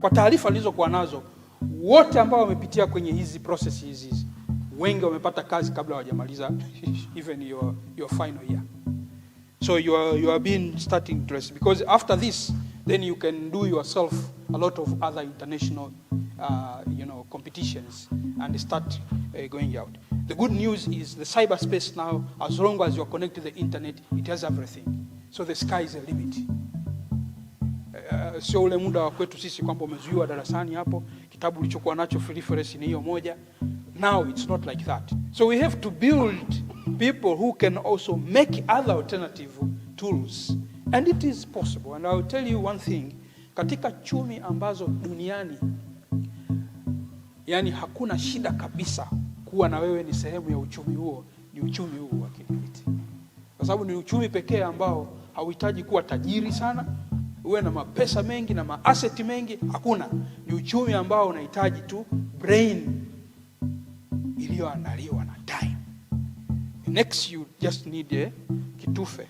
kwa taarifa nilizokuwa nazo, wote ambao wamepitia kwenye hizi process hizi hizi, wengi wamepata kazi kabla hawajamaliza even your, your final year so you are, you are being starting dress because after this then you can do yourself a lot of other international uh, you know competitions and start uh, going out the good news is the cyberspace now as long as you are connected to the internet it has everything so the sky is a limit Eh, sio ule muda wa kwetu sisi kwamba umezuiwa darasani hapo, kitabu ulichokuwa nacho free reference ni hiyo moja. Now it's not like that, so we have to build people who can also make other alternative tools and it is possible and i'll tell you one thing, katika chumi ambazo duniani yani hakuna shida kabisa kuwa na wewe ni sehemu ya uchumi huo, ni uchumi huo wa kidijitali, kwa sababu ni uchumi pekee ambao hauhitaji kuwa tajiri sana uwe na mapesa mengi na maaseti mengi, hakuna. Ni uchumi ambao unahitaji tu brain iliyoandaliwa na time. next you just need a eh, kitufe,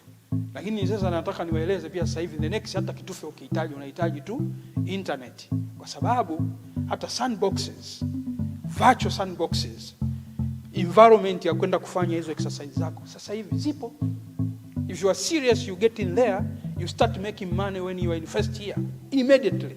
lakini sasa nataka niwaeleze pia sasa hivi the next, hata kitufe ukihitaji, unahitaji tu internet, kwa sababu hata sandboxes, virtual sandboxes environment ya kwenda kufanya hizo exercise zako sasa hivi zipo. If you are serious you get in there You start making money when you are in first year, immediately.